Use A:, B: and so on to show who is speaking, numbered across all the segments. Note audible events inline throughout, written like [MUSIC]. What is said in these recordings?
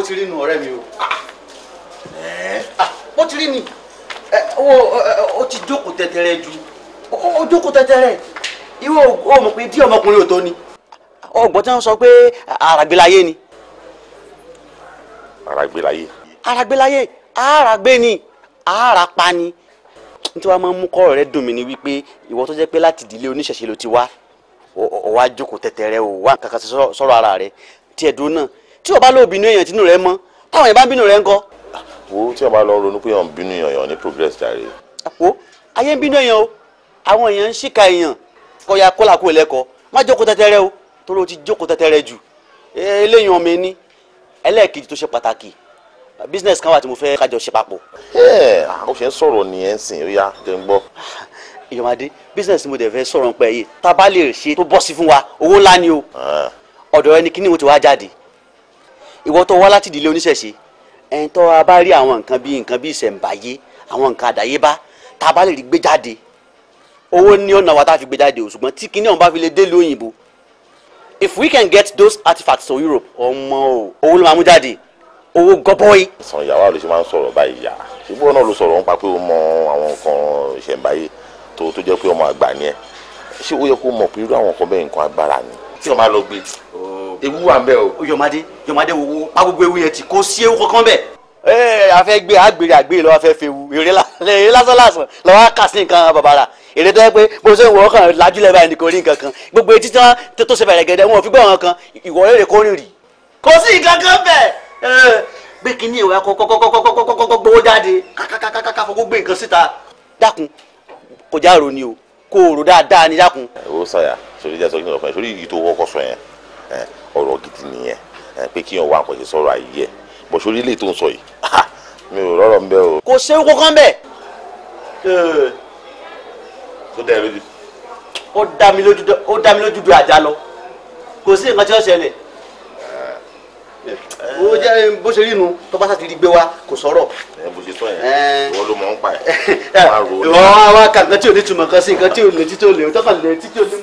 A: bó ti rí nu ọ̀rẹ́ mi o ah, bó ti rí ni ó ti jókòó tẹ́tẹ́rẹ́ ju ó jókòó tẹ́tẹ́rẹ́ ìwọ ò mọ̀ pé bí ọmọkùnrin ò tó ni ọgbọ́n tí wọ́n sọ pé àràgbélayé ni. àràgbélayé. àràgbélayé àràgbé ni àràpá ni nítorí wàá máa ń mú kọ́rọ̀ rẹ dùn mí ni wípé ìwọ tó jẹ́ pé láti ìdílé oníṣẹ̀ṣe ló ti wá ó wá jókòó tẹ́tẹ́rẹ́ ó wá nǹkan sọ̀rọ̀ ara rẹ tí ẹ̀dùn náà tí o bá lọ bínú èèyàn tínú rẹ mọ́ táwọn yẹn bá bínú rẹ ń kọ́.
B: wo tí o bá lọ ronú pé òun bínú èèyàn ní progress jàre. àpò
A: ayé ń bínú èèyàn o àwọn èèyàn ń ṣìkà èèyàn kọyà kọlà kó lẹ́kọ̀ọ́ má jókòó tẹ́tẹ́rẹ́ o torí o ti jókòó tẹ́tẹ́rẹ́ jù e, eléyìí ọmọ ẹni ẹlẹ́ẹ̀kejì tó ṣe pàtàkì business kan wà tí mo fẹ́ kájọ ṣe papọ̀. ẹ ó ṣe ń sọ̀rọ̀ nìyẹn sìn ó yá jẹun gbọ́. ìyọ̀mọ̀dé business mo dẹ̀ fẹ́ sọ̀rọ̀ ń pẹ́ yìí tá a bá lè ṣe tó bọ́ sí fún wa owó ńlá ni o ah. ọ̀dọ̀ ẹni kíní mo ti wá jáde ìwọ tó wá láti ìdílé oníṣẹ̀ṣe ẹni tó a bá rí àwọn nǹkan bíi nǹkan bíi ìṣẹ̀ǹbáyé àwọn nǹkan àdáyébá tá a bá lè rí gbé jáde owó ní ọ̀nà wa tá a fi gbé jáde o tí kinní ọ̀hún bá fi lè dé lóyìnbó if we can get those artifacts to Europe ọmọ o owó ló máa mú jáde owó gọbọi.
B: sàn ìyàwó àlùsí máa ń sọ̀rọ̀ báyìí yá ṣùgbọ́n náà ló sọ̀rọ̀ nípa pé ó mọ àwọn nǹkan ìṣẹ̀ǹbáyé tó tó jẹ́ pé ọmọ àgbà ni ẹ̀ ṣé ó yẹ kó mọ̀ pé irú àwọn nǹkan bẹ́ẹ̀ nǹkan agbára ni
A: tí wọ́n máa lọ gbé ewu wà bẹ́ẹ̀ o. yọ̀mádé yọ̀mádé wo pa gbogbo ewu yẹn ti kó sí ewu kankan bẹ́ẹ̀. ee afẹ́ gbé agbèrè agbèrè lọ́wọ́ afẹ́ fewu èrè [LAUGHS] lásán lásán lọ́wọ́ kà sí nǹkan bàbàrà èrè tó yẹ pé bó ṣe ń wọ ọkàn lajúlẹ̀ báyìí nìkan rí nǹkan kan gbogbo etí tán tó ṣe bẹ̀rẹ̀ gẹ̀dẹ̀ wọn ò fi gbọ́ nǹkan ìwọ rere kó rìn rì. kò sí nǹkan kan bẹ́ẹ̀ gbé kínní ìwé kọ́kọ́kọ́kọ́kọ́kọ́kọ́ gbowó jáde kàkàkàkà fọwọ́ gbé nǹkan síta dákun kò já ro ni o kó o rò dáadáa ni dákun.
B: ó sàyà sórí jẹ́ sọ́kí ní ọ̀fẹ́ sórí ìyí tó wọ́kọ̀ sọ yẹn ọ̀rọ̀ gidi nìyẹn pé kí wọ́n wá nǹkan ṣe sọ̀rọ̀ ayé ẹ̀ bọ̀ṣọ orílẹ̀ tó ń sọ yìí mi ò rọrọ̀ ń o.
A: kò ṣe é kókán bẹ́ẹ̀. tó dá ẹ lójú. ó dá mi lójú ó dá mi lójú du àjà lọ kò sí nǹkan tí ó ṣẹlẹ̀. ó jẹ́ bó ṣe rí nu tó bá sàtìrí gbé wa kò sọ̀rọ̀. bó ṣe sọ yẹn ìwọ ló mọ̀ ń pa ẹ. [LAUGHS] ìwọ wa kà nǹkan tí ò ní túmọ̀ kan sí nǹkan tí ò lè tí ò lè tí tí ò
C: ní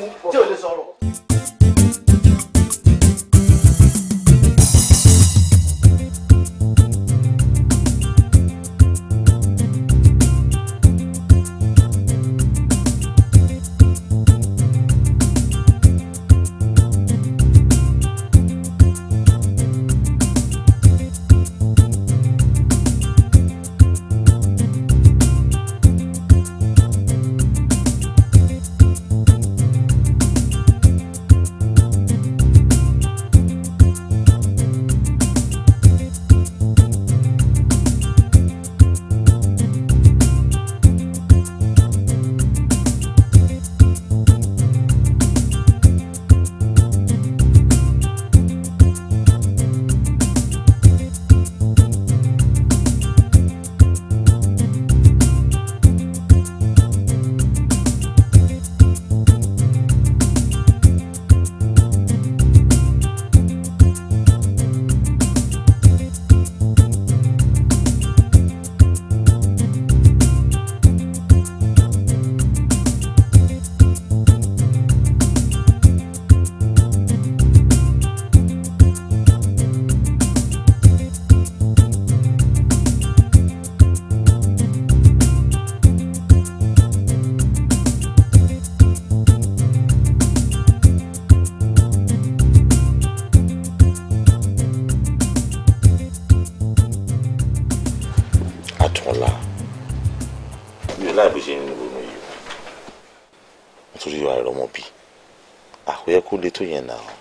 B: tó yẹn náà kò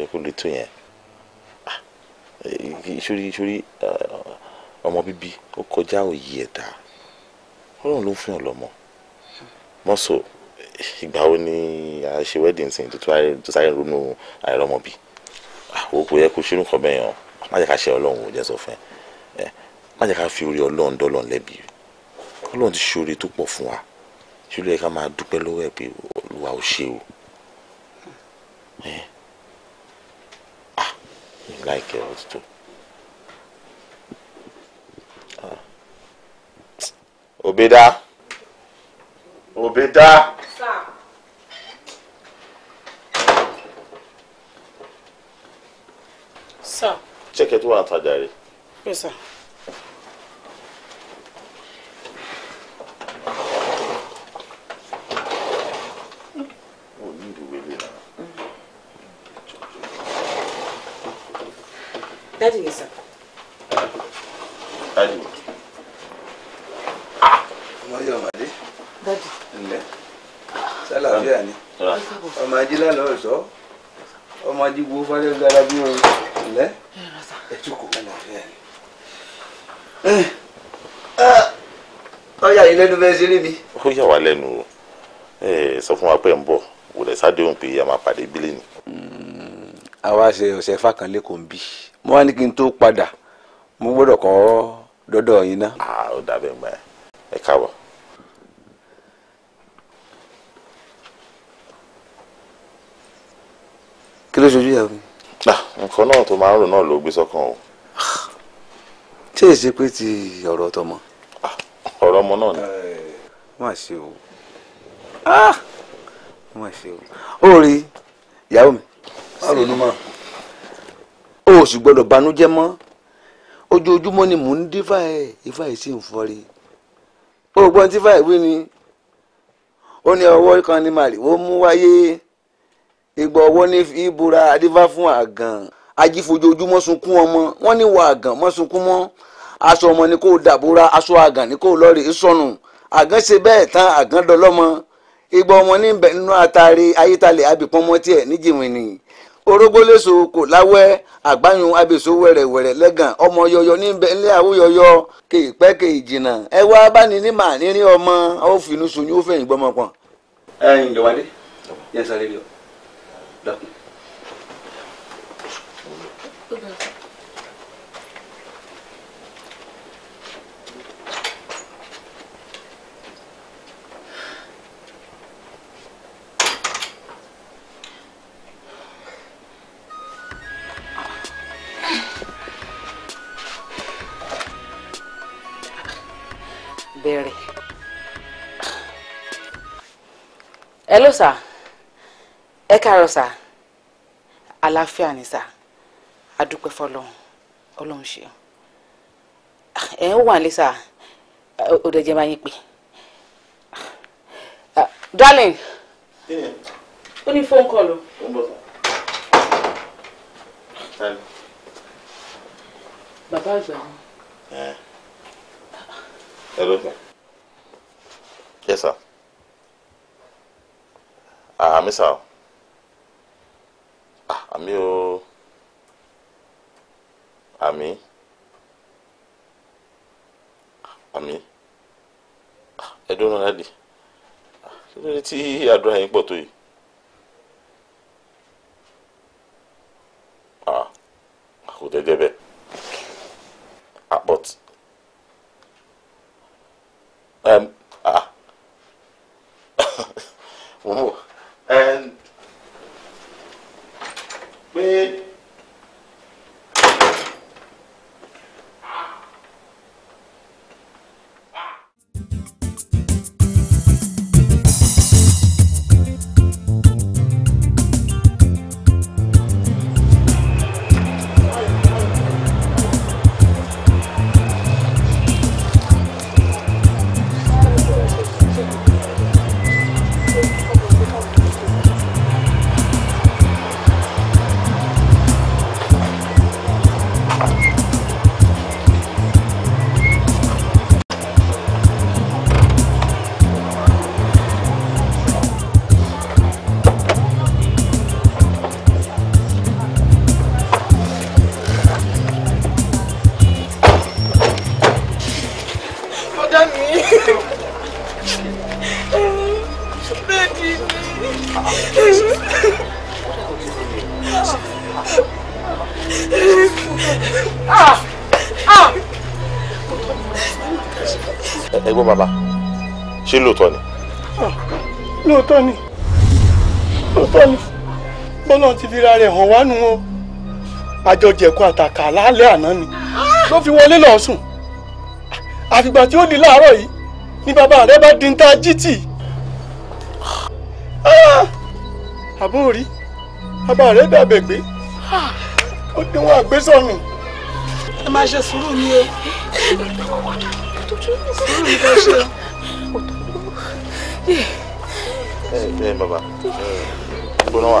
B: yẹ kó lè tó yẹn ah, eh, sórí sórí eh, ọmọ bíbí ó kọjá òye ẹ̀dá ọlọ́run ló fún yàn lọ́mọ mọ́sọ̀ ìgbà wo ni a wedding sin tó sáré ronú àìrọ́mọ bí àwọn ah, kò yẹ kó ṣe nǹkan bẹ́ẹ̀ yàn má jẹ́ ká ṣe ọlọ́run ò jẹ́ sọ fún ẹ eh, má jẹ́ ká fi orí ọlọ́run dọ́lọ́run lẹ́bi ọlọ́run ti ṣe oore tó pọ̀ fún wa ṣùgbọ́n ẹ ká máa dúpẹ́ lọ́wọ́ ẹ pé olúwa ò ṣe o ẹ eh. ah mi like ẹ ọtútù ah Obeda Obeda.
C: Sir. Sir.
B: check it one at diary.
D: Yes, sir. dájú yìí sọ.
E: dájú ọmọ yóò má dé ǹlẹ́ sálàáfíà ni ọmọ ajé lánàá ọ̀sọ́ ọmọ ajé wo fálẹ́ dára bí wọn ǹlẹ́ ẹ̀túkọ̀ sálàáfíà ni. Eh. Ah. ọyà yìí lẹ́nu
B: bẹ́ẹ̀ sí rí mi. ó yà wá lẹ́nu o sọ fún wa pé ń bọ̀ wòlẹ̀ sádéhùn pé a máa
E: pàdé bílẹ̀ ni. àwa ṣe ọ̀sẹ̀ fákànlẹ́kọ̀ọ́ ń bí mo wá ní kí n tó padà mo gbọ́dọ̀ kọ́ dọ́dọ̀ yín ná. ó dàbẹ̀ mọ́ ẹ ẹ
B: kí ló ṣojú ìyàwó mi. nǹkan náà tó máa ń rò náà ló gbé kan o.
E: ṣé èsì pé ti ọ̀rọ̀ tọmọ. ọ̀rọ̀ ọmọ náà ni. o ṣe o. ó rí ò sì gbọ́dọ̀ banújẹ́ mọ́ ojoojúmọ́ ni mò ń dífà ẹ̀ ifá yìí sì ń fọre ó gbọ́n tífà ìwé ni ó ní ọwọ́ kan ní màrìwó mú wáyé ìgbà ọwọ́ ní ìbúra adífá fún àgàn ajífojoojúmọ́ sunkún ọmọ wọ́n ní wọ àgàn mọ́ sunkún mọ́ aṣọ ọmọ ni kò dàbúra aṣọ àgàn ni kò lọ́ọ̀rì sọnù àgàn ṣe bẹ́ẹ̀ tán àgàn dọlọ́mọ ìgbà ọmọ ní bẹ̀ nínú àtàrí ayétalẹ̀ abìpọ́nmọ́ tiẹ̀ níjìnwìn nìyí orogbole sokwolawe agbayu abesowere were leg omaoyoyo awoyoyo kaikpeke iji na ewe abanilima rioma ofinusonye ofe igbowa
D: bẹ̀rẹ̀. hello sir ẹ káàárọ̀ sir àlàáfíà ni sir adúpẹ́ fọlọ́run ọlọ́run ṣeun ẹ ń wà ní sir òde máa yín pé darling ó ní phone call o. bàbá àgbà ni.
B: Hello, sir. Yes, sir. Ah, mi sá o. Ah, àmì o. Àmì. Ah, àmì. Ah, ẹ dúró náà dádì. Ah, kí ló dé tí àdúrà yín pọ̀ tó yìí?
C: rẹ̀ hàn wá nu wọn àjọjẹ̀kọ àtàkà lálẹ́ àná ni ló fi wọlé lọ sùn àfìgbà tí ó di láàárọ̀ yìí ni bàbá rẹ̀ bá di ń ta jítì ah! àbúrò rí bàbá rẹ̀ dàbẹ̀ gbé ó dín wọn àgbésọ̀nù.
D: ẹ máa ṣe sùúrù ni o sùúrù ni kò ṣe.
B: ẹ ẹ bàbá gbóná wà.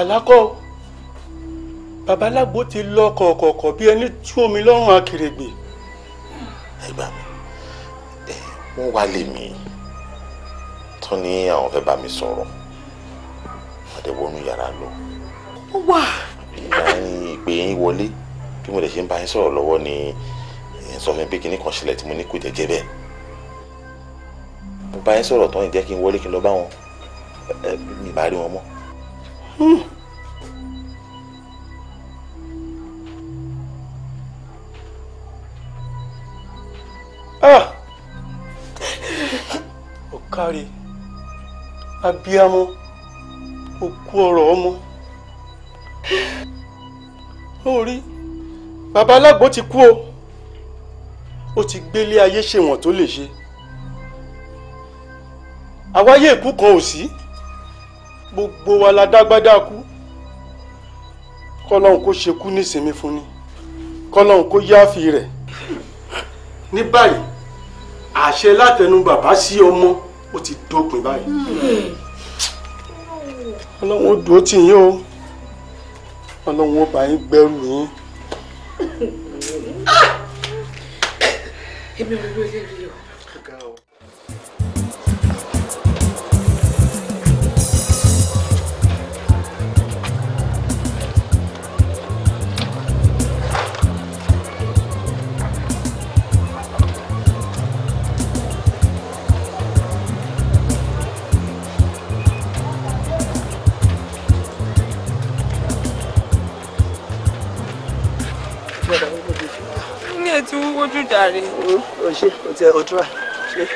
C: àlákọ́ babaláwo ti lọ kọ̀ọ̀kọ̀ọ̀kọ̀ bí ẹni tú omi lọ́rùn akèrègbè. ẹ gbà
B: mí wọ́n wá lè mí tán ní àwọn fẹ́ bá mi sọ̀rọ̀ àdé wọnú yàrá lọ. wà á ìpè yín wọlé bí mo lè ṣe ń bá yín sọ̀rọ̀ lọ́wọ́ ni sọ fún mi pé kinní kan ṣẹlẹ̀ tí mo ní kò jẹ́jẹ́ bẹ́ẹ̀ mo bá yín sọ̀rọ̀ tán ìjẹ́ kí n wọlé kí n lọ bá wọn mi bá rí wọn
C: mọ́. Ah! ọ̀kárí abiyamọ òkú ọ̀rọ̀ ọmọ ó rí bàbá alágbo ti kú o ó ti gbélé ayé ṣe wọ̀n tó lè ṣe àwáyé èkú kan ò sí. Si gbogbo wa la dágbádá kú kọ́lọ́hún kó ṣekú nísinmi fún ni kọ́lọ́hún kó yááfì rẹ̀ ní báyìí àṣẹ látẹnu bàbá sí ọmọ ó ti dópin báyìí ọlọ́run ó dúró tì yín o ọlọ́run ó bá yín gbẹ́rù yín.
D: Ah! èmi ò lóye rí
E: o ṣe o ti o tura ṣe.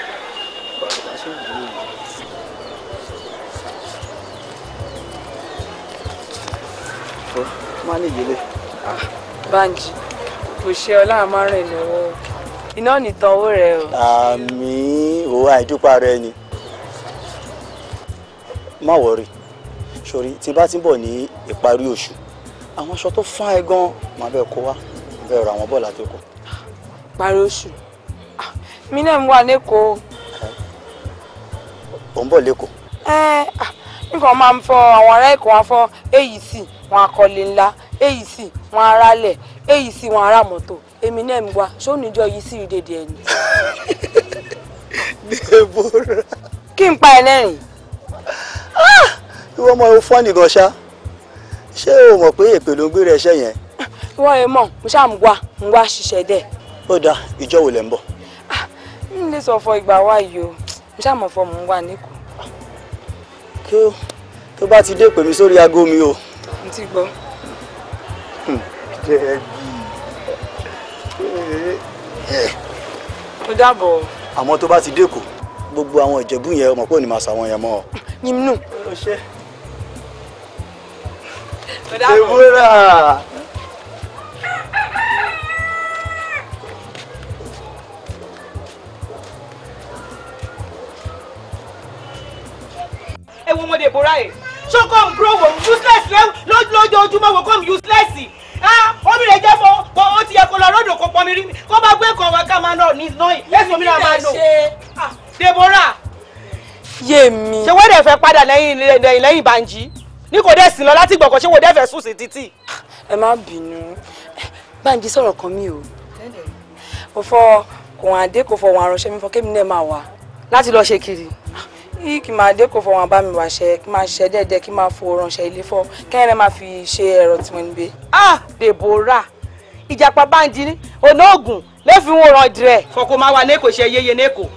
E: má ní ìyẹlẹ. Ah,
D: Banji kò ṣe ọlá máa rìn iná nìtan owó rẹ o. àmì
A: òun àìdúpà rẹ ni má wọrí sori tí bá ti ń bọ̀ ní ìparí oṣù àwọn aṣọ tó fáin gan-an máa bẹ́ẹ̀ kó wá bẹ́ẹ̀ ra àwọn bọ́ọ̀lù àti ọkọ̀. parí oṣù
D: mi náà ń wà lẹ́kọ̀ọ́. ò ń bọ̀ lẹ́kọ̀ọ́. ẹ ẹ nǹkan máa ń fọ àwọn ará èkó wọn fọ èyí sì wọn akọlé ńlá èyí sì wọn arálẹ èyí sì wọn ará mọ́tò èmi náà ń wá ṣó níjọ yìí sì rí dèdè ẹni. [LAUGHS] Deborah. kí n pa ẹ lẹ́rìn. Ah, ìwọ
A: ọmọ fọ́ọ̀nì gan ṣá ṣé o mọ̀ pé èpè ló ń gbére ẹṣẹ́ yẹn.
D: ìwọ ẹ mọ̀ mo ṣáà ń wá ń wá ṣiṣẹ́ dẹ̀.
A: ó dáa ìjọ wo lẹ ń bọ̀
D: n lè sọ fọ ìgbà wa yìí o n ṣàmọ̀ fọ mò ń wà níkù. kí o tó
A: bá ti dé pè sórí aago mi o.
D: n ti gbọ́. ó hmm, dàbọ̀.
A: àmọ́ tó bá ti dé kù gbogbo àwọn ìjẹ̀bú yẹn ọmọ pé ò ní máa sàwọn yẹn mọ́ ọ.
C: yín nù.
D: ewúrà. kò ráyè ṣó come grow wo useless lójoojúmọ́ wo come useless ah, omi rẹ̀ jẹ́ fọ ó ti yẹ kó lọ lọ́dọ̀ kó pọnmi rí kó bá gbé kan wá ká máa nọ ní náà lẹ́sìn omi náà máa lò ah, Deborah. Yèmí. ṣé wọ́n dẹ̀ fẹ́ padà lẹ́yìn lẹ́yìn Bánjí ní kò dẹ̀ sí lọ láti gbọ̀ngàn ṣé wọ́n dẹ̀ fẹ́ sùn sí títì. ẹ má bínú Bánjí sọ̀rọ̀ kan mi o kò fọ kò hàn dé kò fọ wọn àránṣẹ́ mi fọ kémi náà máa wà láti lọ ṣe kiri yìí kì máa dé kò fọ wọn bá mi wà ṣe kì máa ṣe dẹ́ẹ̀dẹ́ kì máa fo ránṣẹ́ ilé fọ kẹ́hìn rẹ̀ máa fi ṣe ẹ̀rọ tí wọ́n ń gbé. ah Deborah ìjàpá báńdì ní ọ̀nà ògùn lẹ́fìn wọn ràn dìrẹ̀. kọ̀kọ́ máa wà lẹ́kọ̀ọ́ ṣe yéye lẹ́kọ̀ọ́.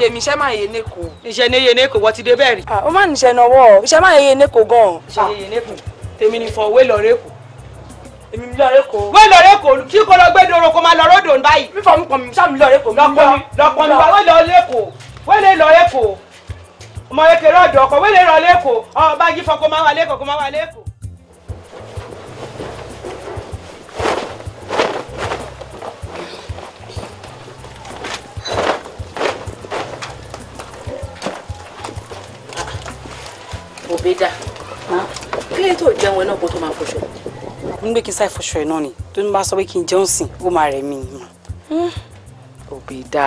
D: yèmí iṣẹ́ máa yé lẹ́kọ̀ọ́. iṣẹ́ ní yé lẹ́kọ̀ọ́ wọ́n ti dé bẹ́ẹ̀ rí. Ah, ó má níṣẹ́ náwó iṣẹ́ máa yé lẹ́kọ̀ọ́ gan-an. iṣẹ́ yé lẹ́kọ̀ọ́ ni fọ wé lọ́ọ́ lẹ́kọ̀ọ́ èmi mi lọ́ọ́rẹ́ kò. wọ́n lọ́ọ́rẹ́ kò kí kò lọ gbé doro kò máa lọ ròdò báyìí. fífọ̀ mi pọ̀ mi sáà mi lọ́ọ́rẹ́ kò. lọ́pọ̀ mi lọ́pọ̀ mi wọ́n lọ́ọ́rẹ́ kò wọ́n lè lọ́ọ́rẹ́ kò ọmọ kékeré ọ̀dọ̀ ọkọ̀ wẹ́lẹ̀ rọ lẹ́kọ̀ọ́ ọba yìí fọ́ kó máa wà lẹ́kọ̀ọ́ kó máa wà lẹ́kọ̀ọ́. òbẹ́dà kí lè tó jẹun ẹ náà kó tó máa fọṣọ. n gbé kí n sáì fọṣọ ẹ náà ni tó ń bá sọ pé kí n jẹun sìn ó máa rẹ̀ mí. òbẹ́dà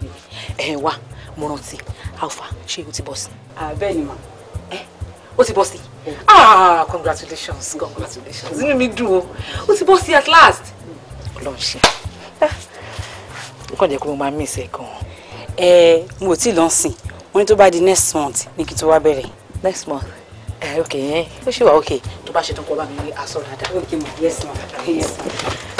D: hmm. ẹ ẹ wá mo rántí alfa ṣé ah, eh? o ti bọ́ sí. bẹ́ẹ̀ ni ma. ẹ o ti bọ́ sí. ah congratulations congratulations inú mi dùn o o ti bọ́ sí at last. ọlọ́run ṣe nǹkan ah. jẹ́ kó mo máa mí ìṣe gan. ẹ eh, mo ò tí ì lọ sìn wọn ní tó bá di next month ní kí n tó wá bẹ̀rẹ̀. next month ẹ eh, ok yẹn ó ṣì wà ok tó bá ṣe tán kó bá mi rí aṣọ dáadáa. ok ma yes ma yes ma.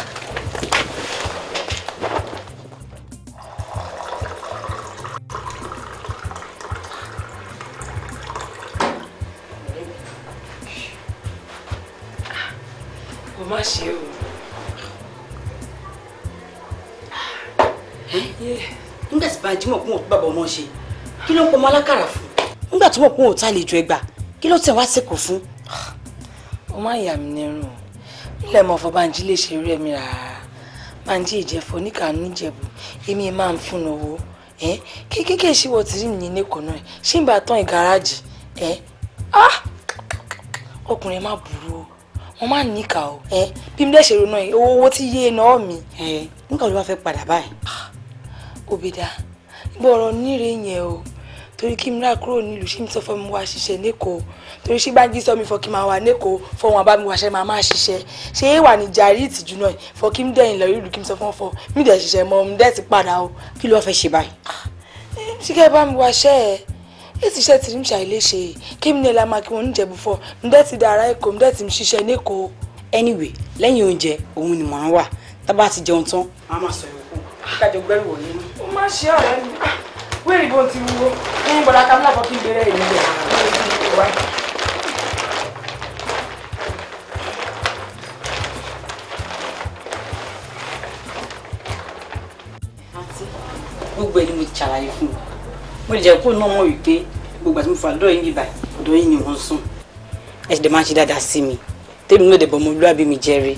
D: ṣe o. nígbà tí bàjẹ́ mọ̀ pé wọn ọmọ ṣe kí ló ń pọ ọmọ alákàrà fún. nígbà tó mọ̀ pé wọn lè ju ẹgbà kí ló tẹ̀ wá sẹ́kọ̀ọ́ fún. ó má yà mí nírun o nílẹ̀ mọ̀ fọbànjí lè ṣe rí ẹ̀mí rárá máa ìjẹ́fọ́ níkàánú ìjẹ̀bù èmi máa ń fún un owó kékeré ṣíwọ́ ti rí mi ní kùnà ṣé ń tán ìgáràjì ah! ọkùnrin má burú o wọ́n máa ń níkà o bí mi dẹ́ ṣe ronú yìí owó tí yé náà mi nígbà ló bá fẹ́ padà báyìí. òbèdà gbọ́ ọ̀rọ̀ níre yẹn o torí kí n rà kúrò nílùú ṣé mi sọ fún mi wá ṣiṣẹ́ lẹ́kọ̀ọ́ torí ṣé bá jí sọ mi fọ kí n máa wà lẹ́kọ̀ọ́ fọ wọn bá mi wáṣẹ́ máa máa ṣiṣẹ́ ṣé é wà ní jàrí ìtìjú náà fọ kí n dẹ̀yìn lọ ìlú kí n sọ fún ọ mi dẹ̀ ṣiṣẹ́ mọ́ mi dẹ̀ ti padà o kí ló fẹ́ ṣe báyìí. ṣíkẹ́ bá mi wáṣẹ́ ẹ̀ èsì iṣẹ́ tí ń ṣàìlè ṣe kémi ní ẹlẹ́mà kí wọ́n ń jẹ before ǹdẹ́ ti da ara ẹ̀kọ́ ǹdẹ́ ti ń ṣiṣẹ́ lẹ́kọ̀ọ́. anyway lẹ́yìn oúnjẹ òun ni màá wà tá ti jẹun tán. a máa sọ ìwòkú kájọ gbẹ́rù wọ̀ nínú. ó máa ṣe ọ̀rẹ́ mi wéèrè bó ti wúwo ní bọ̀dá kamila fọ́ kí n bẹ̀rẹ̀ èyí lẹ̀ gbogbo ẹni mo ti ṣàlàyé fún wa ó jẹ́ kó náà mọ̀ wípé gbogbo àti mo fà lọ́dọ̀ yín bíbá ọ̀dọ̀ yín ni mo sùn ẹ ṣe dẹ̀ máa ń ṣe dáadáa sí mi tèmi náà dẹ̀bọ̀ mo lúàbí mi jẹ́rìí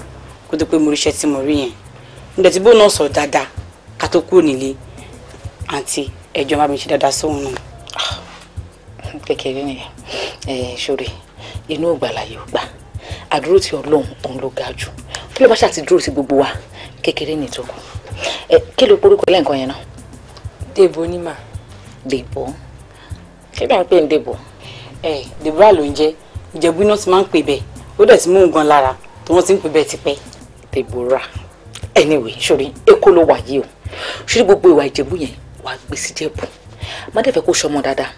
D: kó tó pé mo ríṣẹ́ tí mo rí yẹn mo dẹ̀ ti bó náà sọ̀rọ̀ dáadáa ká tó kúrò nílé àǹtí ẹ̀jọ̀ máa mi ṣe dáadáa sóhun náà. Ah, kékeré ni ẹ ṣòro inú ògbàlàyé ò gbà àdúró ti ọlọ́run òun ló ga jù kí ló bá ṣàti dúró ti gbogbo wa kékeré nìtòkù ẹ kí ló porúkọ lẹ́ǹkan yẹn náà. dèbò onímọ̀ Debo, kí ló ń pè ní Dèbò ẹ Deborah ló ń jẹ Ìjẹ̀bú iná ti máa ń pè bẹ́ẹ̀ ó dẹ̀ ti mú un gan lára tí wọ́n ti ń pè bẹ́ẹ̀ tipẹ́ Deborah anyway sori èkó ló wà yìí o sori gbogbo ìwà Ìjẹ̀bú yẹn wà gbèsè Jẹ̀bú má dẹ̀ fẹ́ kó sọmọ dáadáa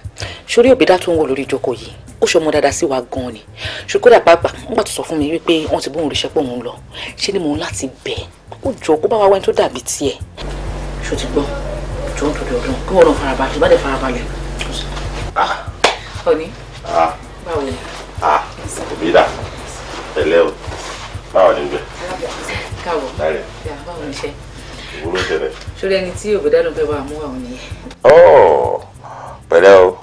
D: sori òbí dá tó ń wọ̀ lórí ìjókòó yìí ó ṣọmọ dáadáa sí wa gan-an ni ṣùkúrẹ́ àpapà nígbà tó sọ fún mi wípé wọ́n ti bóun ríṣẹ́ pé òun lọ ṣé ni mò ń láti bẹ̀ ó jọ kó bá wa wá ẹni tó dàbí tiẹ̀ ṣòtìgbọ́n jọ nítorí ọdún kí wọ́n lọ farabalẹ̀ bá dẹ̀ farabalẹ̀. Ah. ọ̀ní ah. báwo ni.
B: òbí ah. dà tẹ́lẹ̀ o báwo ni gbẹ.
D: káwọ báwo ni iṣẹ́. ìwúrò ṣẹlẹ̀. sórí ẹni tí òbẹ̀dá ló fẹ́ wà mú àwọn nìyẹn.
B: ọ̀ oh. pẹ̀lẹ́ o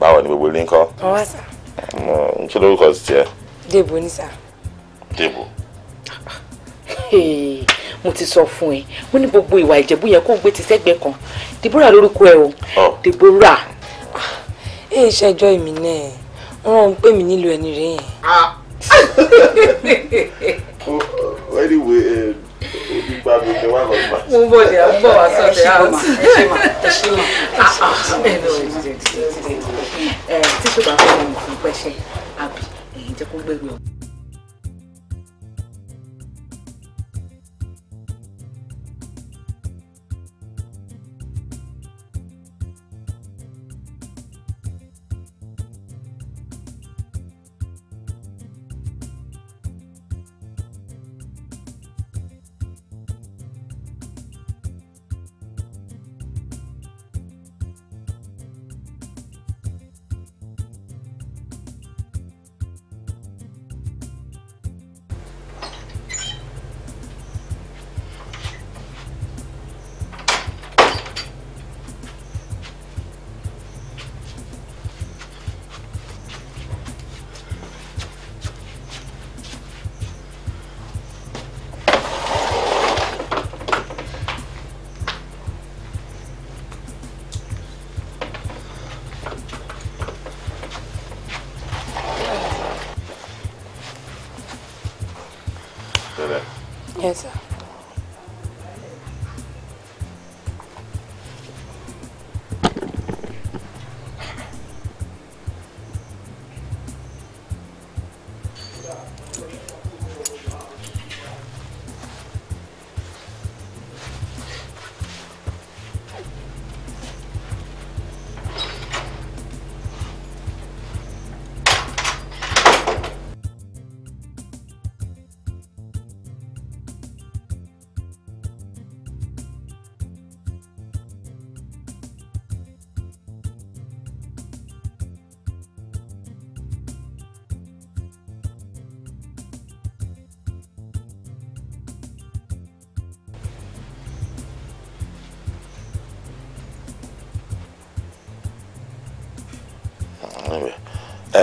B: báwo ni gbogbo ilé ń kọ́. ọwọ́ sà. n kí lórúkọ sí tiẹ̀. dèbò ní sà. dèbò
D: mo ti sọ fún ẹ mo ní gbogbo ìwà ìjẹ̀bú yẹn kó gbé ti sẹ́gbẹ̀ẹ́ kan Deborah lórúkọ ẹ o Deborah. Ah, ẹ ṣẹjọ èmi náà wọn rọrùn pé mi nílò ẹni rẹ yẹn.
C: Ah. [LAUGHS]
B: anyway gbogbo agbègbè wa lọ gbà. mo bọ̀ dé àbúgbò wa sọ dé àwọn tí
D: kò bá fẹ́ mi kò pẹ́ṣẹ́ àbí ẹ̀yìn jẹ́ kó gbẹ̀gbẹ̀ ọ̀hún. Yes, sir.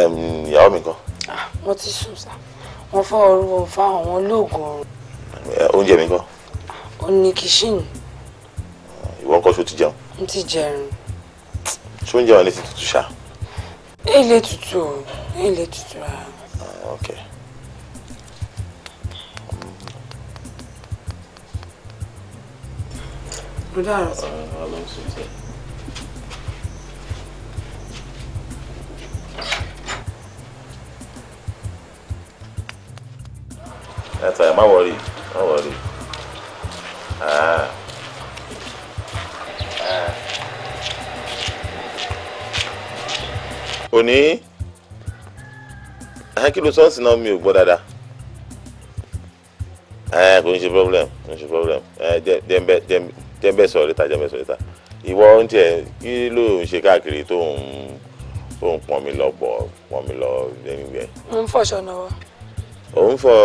B: ìyàwó mi kan.
D: wọ́n ah, ti sùn sá wọ́n fọ́ ọrùn fáwọn olóògùn ọ̀run. oúnjẹ mi kan. ó ní kìsìn.
B: ìwọ ń kọ́ ṣó ti jẹun. n ti jẹun. ṣó ń jẹun ní ti tutù ṣá.
D: èlé tutù o tutù rárá.
C: Good hours. Uh,
B: má wọrí má wọrí. Ah. Ah. òní ah, kí ló sọ́ọ̀sì náà mi ò gbọ́ dáadáa kò ń ṣe problem kò ń ṣe problem eh, jẹ́ńbẹ́ sọ̀rọ̀ ta jẹ́ńbẹ́ sọ̀rọ̀ ta ìwọ oúnjẹ kí ló ń ṣe káàkiri tó ń tó ń pọn mi lọ bọ̀ pọn mi lọ ẹni gbẹ.
D: mo ń fọṣọ náà. ò ń fọ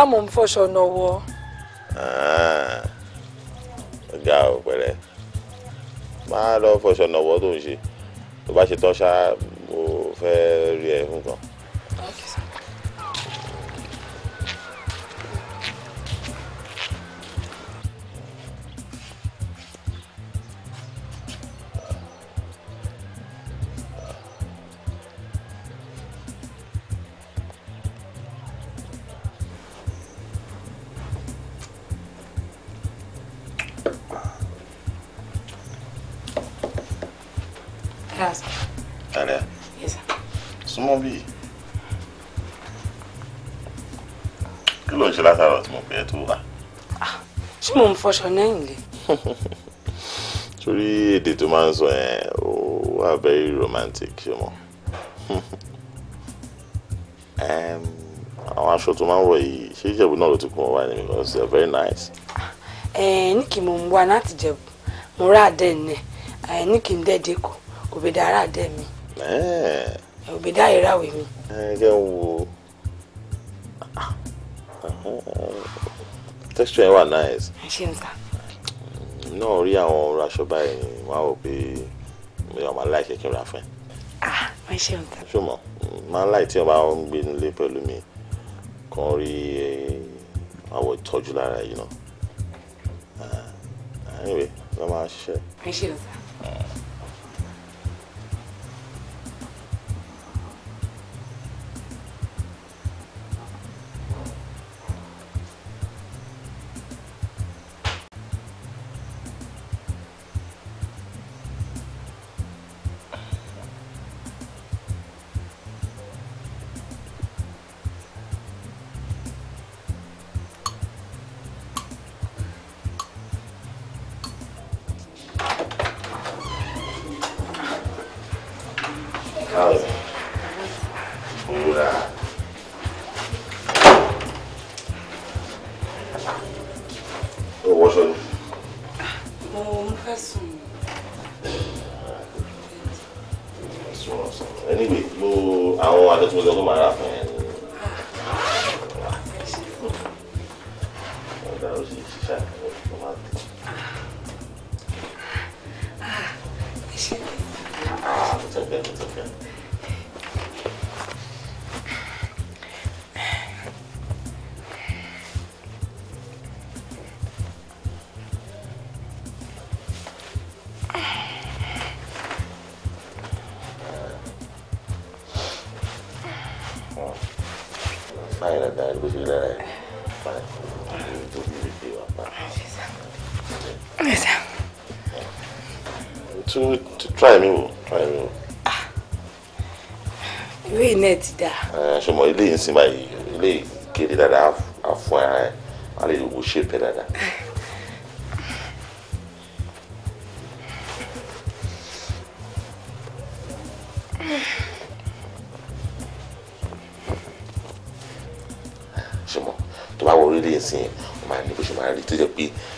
D: àmọ́ ń fọṣọ nọwọ.
B: ọjà ò pẹ̀lẹ́ máa lọ fọṣọ nọwọ tó ń ṣe tó bá ṣe tán mo fẹ́ rí ẹ̀ fún kan. Yes. Tania. Yes, sir. Súnmọ́ bí. Kí ló ń ṣe látàrọ̀ tí mo pè ẹ́ tó wà?
D: Ah, ṣé mò ń fọṣọ lẹ́yìn lé?
B: Torí èdè tó máa ń sọ yẹn, ó wà very romantic, ṣe mọ̀. [LAUGHS] Àwọn aṣọ tó máa ń wọ̀ yìí, ṣé Ìjẹ̀bú náà ló ti kún wọn ni because they are very nice.
D: Ẹ ní kí mo wá láti Ìjẹ̀bú, mo rà á dẹ́nu ẹ̀, ní kí n dẹ́ dẹ́kọ̀ òbèdà ara dẹ̀ mi òbèdà ìràwé mi.
B: ẹ ń wo texture yẹn wà nice. ṣé n ta. Mm, náà rí àwọn ọ̀rọ̀ aṣọ báyìí wá wò pé ọmọ aláìṣẹ́ kí n ra fún ẹ.
D: ah máa ṣe n ta.
B: ṣùgbọ́n máa láì tí ọba ń gbé nílé pẹ̀lú mi kan rí àwọ̀ ìtọ́jú lára yìí náà. Ah, anyway lọ́ máa ṣiṣẹ́. ẹ ṣe n ta. Hallelujah. fine and that because you know fine. You told me to you Yes, To, to try me, try me. Ah.
D: Ìwé iná ti dà.
B: Ṣọmọ ilé yìí ń sin báyìí, ilé ìkéde dáadáa àfún ara ẹ̀, wọ́n á lè wo be